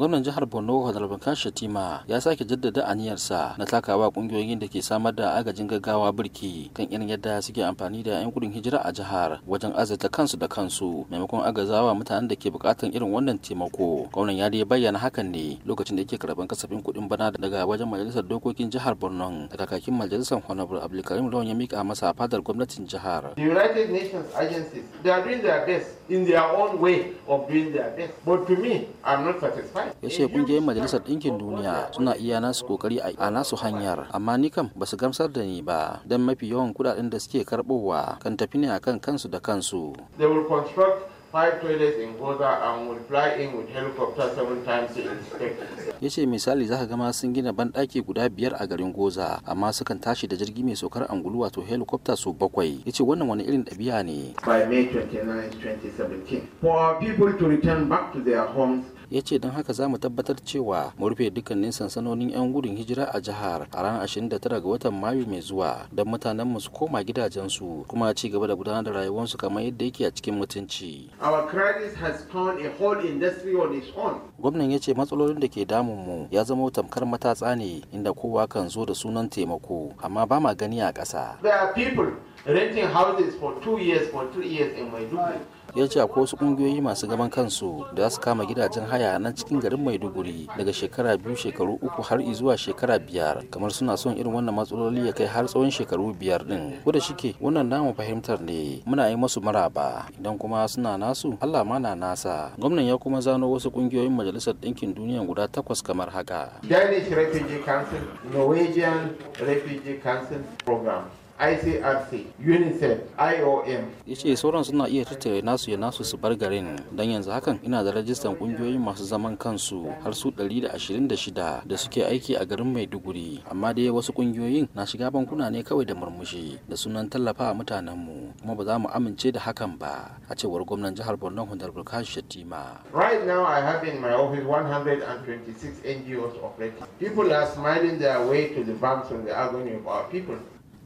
gwamnan jihar borno hadalbanka shatima ya sake jaddada aniyarsa na takawa kungiyoyin da ke samar da agajin gaggawa birki kan irin yadda suke amfani da yan gudun hijira a jihar wajen azata kansu da kansu maimakon agazawa mutanen da ke bukatan irin wannan taimako gwamnan ya dai bayyana hakan ne lokacin da yake karban kasafin kuɗin bana daga wajen majalisar dokokin jihar borno da kakakin majalisar honorable abdulkarim lawan ya mika masa fadar gwamnatin jihar the united nations agencies they are doing their best in their own way of doing their best. But to me, I'm not satisfied. Ya ce kungiyoyin Majalisar Ɗinkin Duniya suna iya nasu kokari a nasu hanyar, amma ni kam basu gamsar da ni ba, don mafi yawan kuɗaɗen da suke karɓowa kan tafi ne akan kansu da kansu. They will construct five toilets in Goza and will fly in with helicopter seven times a Ya ce misali zaka gama sun gina banɗaki guda biyar a garin Goza amma sukan tashi da jirgi mai saukar angulu wato helicopter su bakwai. Ya ce wannan wani irin ɗabi'a ne. By May 29, 2017, for our people to return back to their homes ya ce don haka za mu tabbatar cewa mu rufe dukkanin sansanonin 'yan gudun hijira a jihar a ranar 29 ga watan mayu mai zuwa don mutanen mu su koma gidajensu kuma ci gaba da gudanar da rayuwarsu kamar yadda yake a cikin mutunci. Our crisis has found a whole industry on its own. Gwamnan ya ce matsalolin da ke damun mu ya zama tamkar matatsa ne inda kowa kan zo da sunan taimako amma ba ma gani a ƙasa. There are renting houses for two years for three years in Maiduguri. ya ce akwai wasu kungiyoyi masu gaban kansu da su kama gidajen haya nan cikin garin maiduguri daga shekara biyu shekaru uku har zuwa shekara biyar kamar suna son irin wannan matsaloli ya kai har tsawon shekaru biyar din ko da shike wannan namu fahimtar ne muna yi masu maraba idan kuma suna nasu allah ma na nasa gwamnan ya kuma zano wasu kungiyoyin majalisar ɗinkin duniya guda takwas kamar haka danish refugee council norwegian refugee council program ICRC, UNICEF, IOM. Ya ce sauran suna iya tattare nasu ya nasu su bar garin don yanzu hakan ina da rajistan kungiyoyi masu zaman kansu har su 126 da suke aiki a garin Maiduguri amma dai wasu kungiyoyin na shiga bankuna ne kawai da murmushi da sunan tallafa a mutanenmu kuma ba za mu amince da hakan ba a cewar gwamnan jihar Borno Hundar Kashi Shatima. Right now I have in my office 126 NGOs operating. People are smiling their way to the banks on the agony of our people.